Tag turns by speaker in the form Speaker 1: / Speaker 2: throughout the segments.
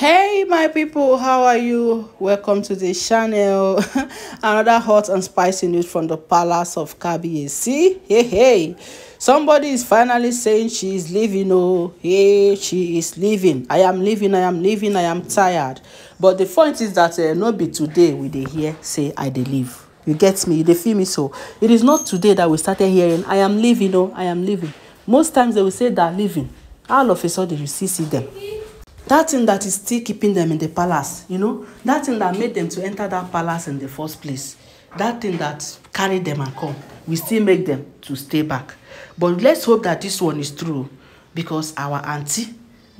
Speaker 1: hey my people how are you welcome to the channel another hot and spicy news from the palace of kabiesi hey hey somebody is finally saying she is leaving oh hey she is leaving i am leaving i am leaving i am tired but the point is that uh, no be today we dey hear say i leave you get me you feel me so it is not today that we started hearing i am leaving oh i am leaving most times they will say they're leaving all of a sudden you see see them that thing that is still keeping them in the palace you know that thing that made them to enter that palace in the first place that thing that carried them and come we still make them to stay back but let's hope that this one is true because our auntie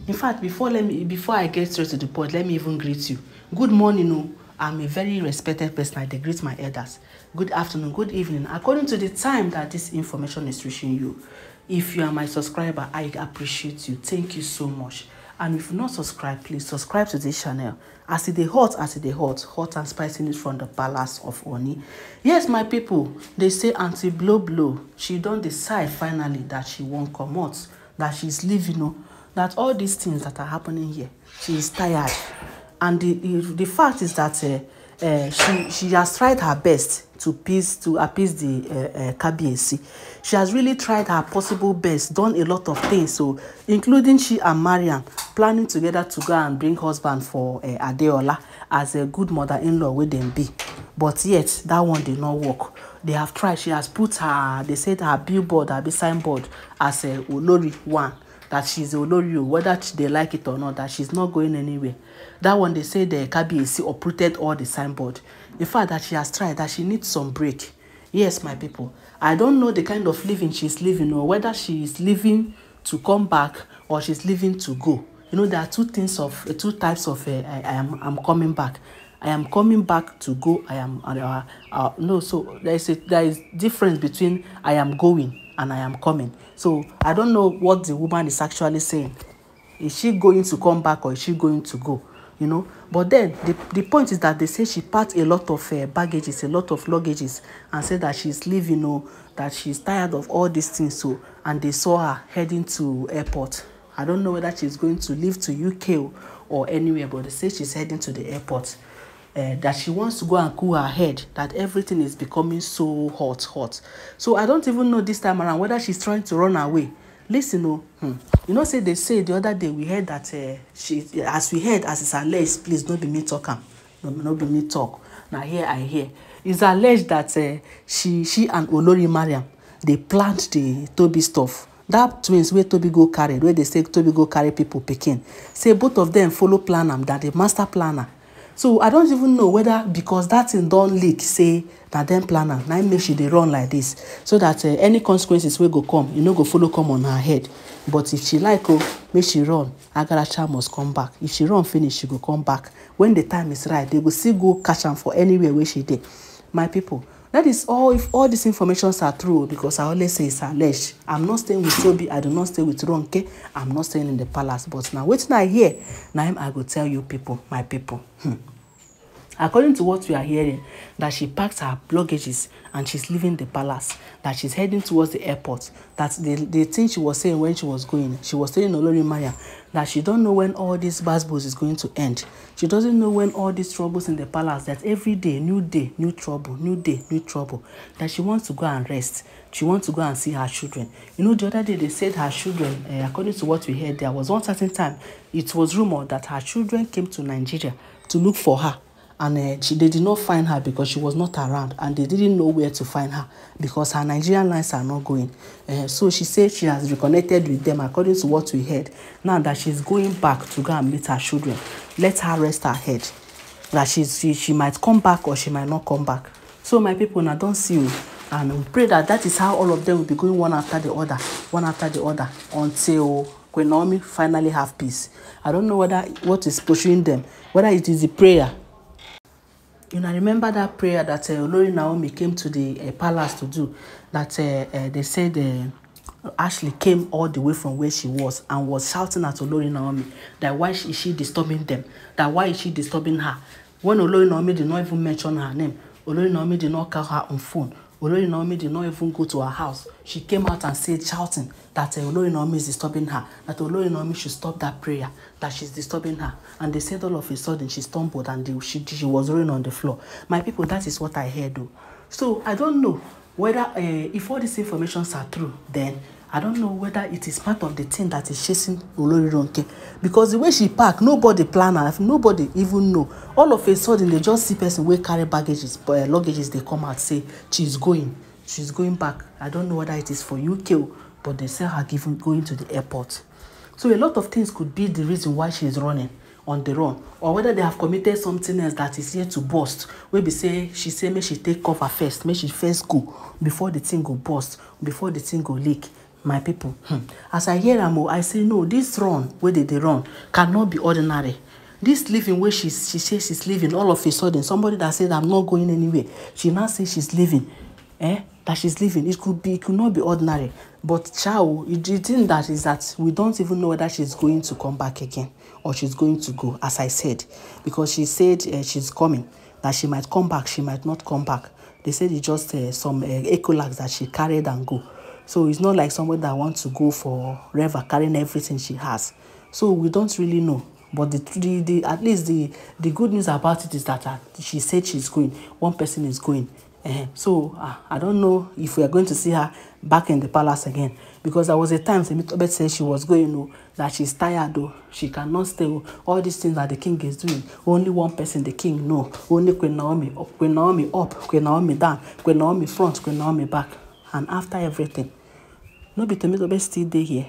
Speaker 1: in fact before let me before i get straight to the point let me even greet you good morning o oh. i'm a very respected person i greet my elders good afternoon good evening according to the time that this information is reaching you if you are my subscriber i appreciate you thank you so much and if you not subscribe please subscribe to this channel as it' dey hot as it' dey hot hot and spicy news from the palace of oni yes my people. They say aunty blow blow she don decide finally that she wan comot dat she is leaving o that all these things that are happening here she is tired and the the fact is dat uh, she she has tried her best to peace to appease the uh, eh, uh, eh, Kabiyesi. She has really tried her possible best, done a lot of things, so including she and Mariam planning together to go and bring husband for uh, Adeola as a good mother-in-law wey dem be. But yet that one did not work. They have tried. She has put her, they said her billboard, her signboard as a Olori one that she's Oloriyo whether they like it or not that she's not going anywhere that one they say the Kabiyesi uprooted all the signboard the fact that she has tried that she needs some break yes my people I don't know the kind of living she's living or whether she is living to come back or she's living to go you know there are two things of uh, two types of uh, I, I am I'm coming back I am coming back to go. I am uh, uh, no. So there is a, there is difference between I am going and I am coming. So I don't know what the woman is actually saying. Is she going to come back or is she going to go? You know, but then the, the point is that they say she packed a lot of uh, baggages, a lot of luggages, and said that she's leaving, or oh, that she's tired of all these things. So, and they saw her heading to airport. I don't know whether she's going to leave to UK oh, or anywhere, but they say she's heading to the airport uh, that she wants to go and cool her head that everything is becoming so hot hot so i don't even know this time around whether she's trying to run away listen o oh, hmm. you know say they say the other day we heard that uh, she as we heard as it's alleged please no be me talk am no, no be me talk na here i hear it's alleged that uh, she she and olori mariam dey plant the Toby stuff that twins wey Toby go carry wey dey say Toby go carry people pikin say both of them follow plan am na the master planner so i don't even know whether because dat thing don leak say na dem plan am na im make she dey run like this, so dat eh, any consequences wey go come You no go follow come on her head but if she like o oh, make she run agaracha must come back if she run finish she go come back when the time is right they go still go catch am for anywhere wey she dey my people. That is all if all these informations are true because I always say it's alleged. I'm not staying with Toby, I do not stay with Ronke, I'm not staying in the palace. But now, waiting I hear, now I go tell you people, my people. Hmm. According to what we are hearing, that she packed her bluggages and she's leaving the palace, that she's heading towards the airport, that the, the thing she was saying when she was going, she was telling Olori Maya that she don't know when all these basbos is going to end. She doesn't know when all these troubles in the palace, that every day, new day, new trouble, new day, new trouble, that she wants to go and rest. She wants to go and see her children. You know, the other day they said her children, uh, according to what we heard, there was one certain time, it was rumored that her children came to Nigeria to look for her and uh, she, they did not find her because she was not around and they didn't know where to find her because her Nigerian lines are not going. Uh, so she said she has reconnected with them according to what we heard. Now that she's going back to go and meet her children, let her rest her head. That she's, she, she might come back or she might not come back. So my people, now don't see you. And we pray that that is how all of them will be going one after the other, one after the other until Queen Naomi finally have peace. I don't know whether what is pursuing them, whether it is the prayer you know, remember that prayer that uh, Olori Naomi came to the uh, palace to do, that uh, uh, they said uh, Ashley came all the way from where she was and was shouting at Olori Naomi that why is she disturbing them, that why is she disturbing her. When Olori Naomi did not even mention her name, Olori Naomi did not call her on phone. Olori Naomi did not even go to her house. She came out and said, shouting that uh, eh, Olori Naomi is disturbing her, that Olori Naomi should stop that prayer, that she's disturbing her. And they said all of a sudden she stumbled and they, she, she was rolling on the floor. My people, that is what I heard though. So I don't know whether uh, if all these informations are true, then I don't know whether it is part of the thing that is chasing Olori Ronke because the way she park nobody plan am nobody even know all of a sudden they just see person wey carry baggages uh, luggages dey come out say she is going she is going back I don't know whether it is for UK o but they say her giving going to the airport so a lot of things could be the reason why she is running on the run or whether they have committed something else that is here to burst wey be say she say make she take cover first make she first go before the thing go burst before the thing go leak my people hmm. as i hear am o oh, i say no this run wey dey dey run cannot be ordinary this living wey she she say she's living all of a sudden somebody that said i'm not going anywhere she now say she's living eh that she's living it could be it could not be ordinary but chao the thing that is that we don't even know whether she's going to come back again or she's going to go as i said because she said uh, she's coming that she might come back she might not come back they said it's just uh, some uh, eh, ecolacs that she carried and go So it's not like somebody that wants to go for Reva carrying everything she has. So we don't really know. But the, the, the at least the, the good news about it is that uh, she said she's going. One person is going. Uh, so uh, I don't know if we are going to see her back in the palace again because there was a time Semitobet said she was going oh, that she's tired Oh, she cannot stay oh, all these things that the king is doing only one person the king know. only Queen Naomi up Queen Naomi up Queen Naomi down Queen Naomi front Queen Naomi back and after everything no be tomitope still dey here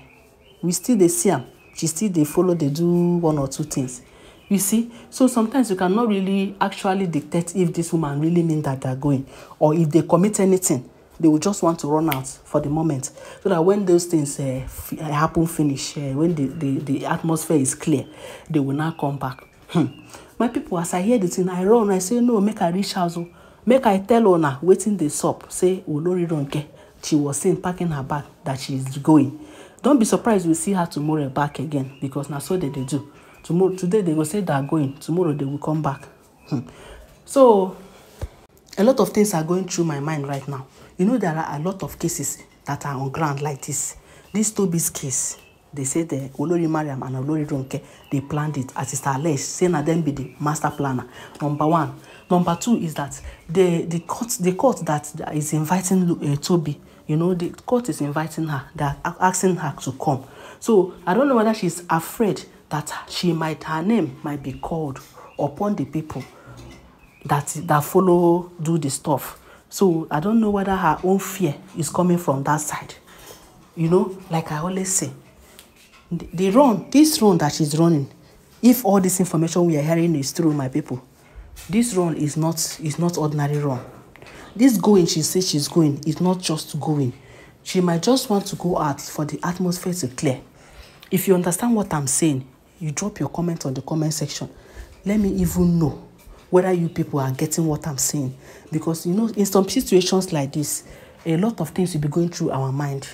Speaker 1: we still dey see am she still dey follow dey do one or two things you see so sometimes you cannot really actually detect if this woman really mean that they are going or if they commit anything they will just want to run out for the moment so that when those things uh, happen finish uh, when the, the the atmosphere is clear they will now come back hmm. my people as i hear the thing i run i say no make i reach house o oh make i tell una wetin dey sup say Olori olorirunke she was seen packing her bag that she is going don be surprised we see her tomorrow back again because na so they dey do tomorrow today they go say they are going tomorrow they will come back hmm. so a lot of things are going through my mind right now you know there are a lot of cases that are on ground like this this tobis case they say the olori mariam and olori ronke they planned it as it alleged say na them be the master planner number one Number two is that the the court the court that is inviting uh, Toby, you know, the court is inviting her, that asking her to come. So I don't know whether she's afraid that she might her name might be called upon the people that that follow do the stuff. So I don't know whether her own fear is coming from that side. You know, like I always say, the, the run, this run that she's running, if all this information we are hearing is true, my people, This run is not is not ordinary run. This going she says she's going is not just going. She might just want to go out for the atmosphere to clear. If you understand what I'm saying, you drop your comment on the comment section. Let me even know whether you people are getting what I'm saying. Because you know, in some situations like this, a lot of things will be going through our mind.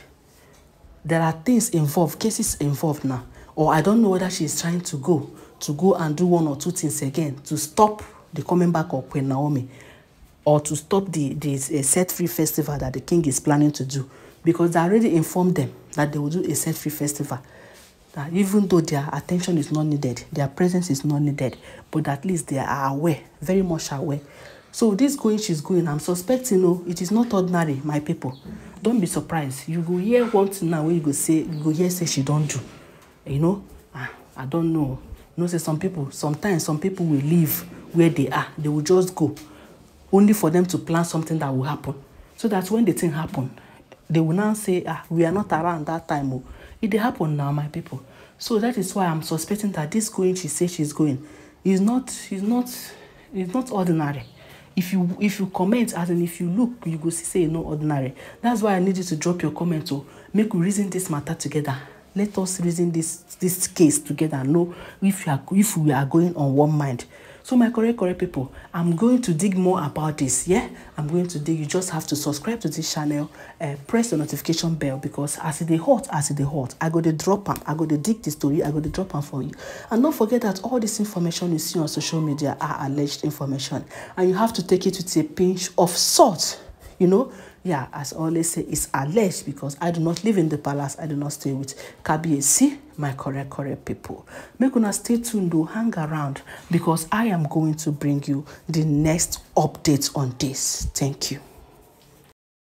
Speaker 1: There are things involved, cases involved now. Or I don't know whether she's trying to go, to go and do one or two things again, to stop the coming back of Queen Naomi or to stop the, the uh, set free festival that the king is planning to do because they already informed them that they will do a set free festival. That even though their attention is not needed, their presence is not needed, but at least they are aware, very much aware. So this going, she's going. I'm suspecting, you know, it is not ordinary, my people. Don't be surprised. You go hear one thing now where you go say, you go hear say she don't do. You know, I, ah, I don't know. You know, say some people, sometimes some people will leave where they are they will just go only for them to plan something that will happen so that when the thing happen they will now say ah we are not around that time o oh. it dey happen now my people so that is why i'm suspecting that this going she say she's going is not is not is not ordinary if you if you comment as in if you look you go see say e no ordinary that's why i need you to drop your comment o oh. make we reason this matter together let us reason this this case together know if you are if we are going on one mind So my correct, correct people, I'm going to dig more about this, yeah? I'm going to dig. You just have to subscribe to this channel, uh, press the notification bell because as it is hot, as it is hot, I got to drop them. I got to dig this story. I got to drop them for you. And don't forget that all this information you see on social media are alleged information. And you have to take it with a pinch of salt, you know? yeah, as always say, it's alleged because I do not live in the palace. I do not stay with Kabiesi, my correct, correct people. Make una stay tuned though, hang around because I am going to bring you the next updates on this. Thank you.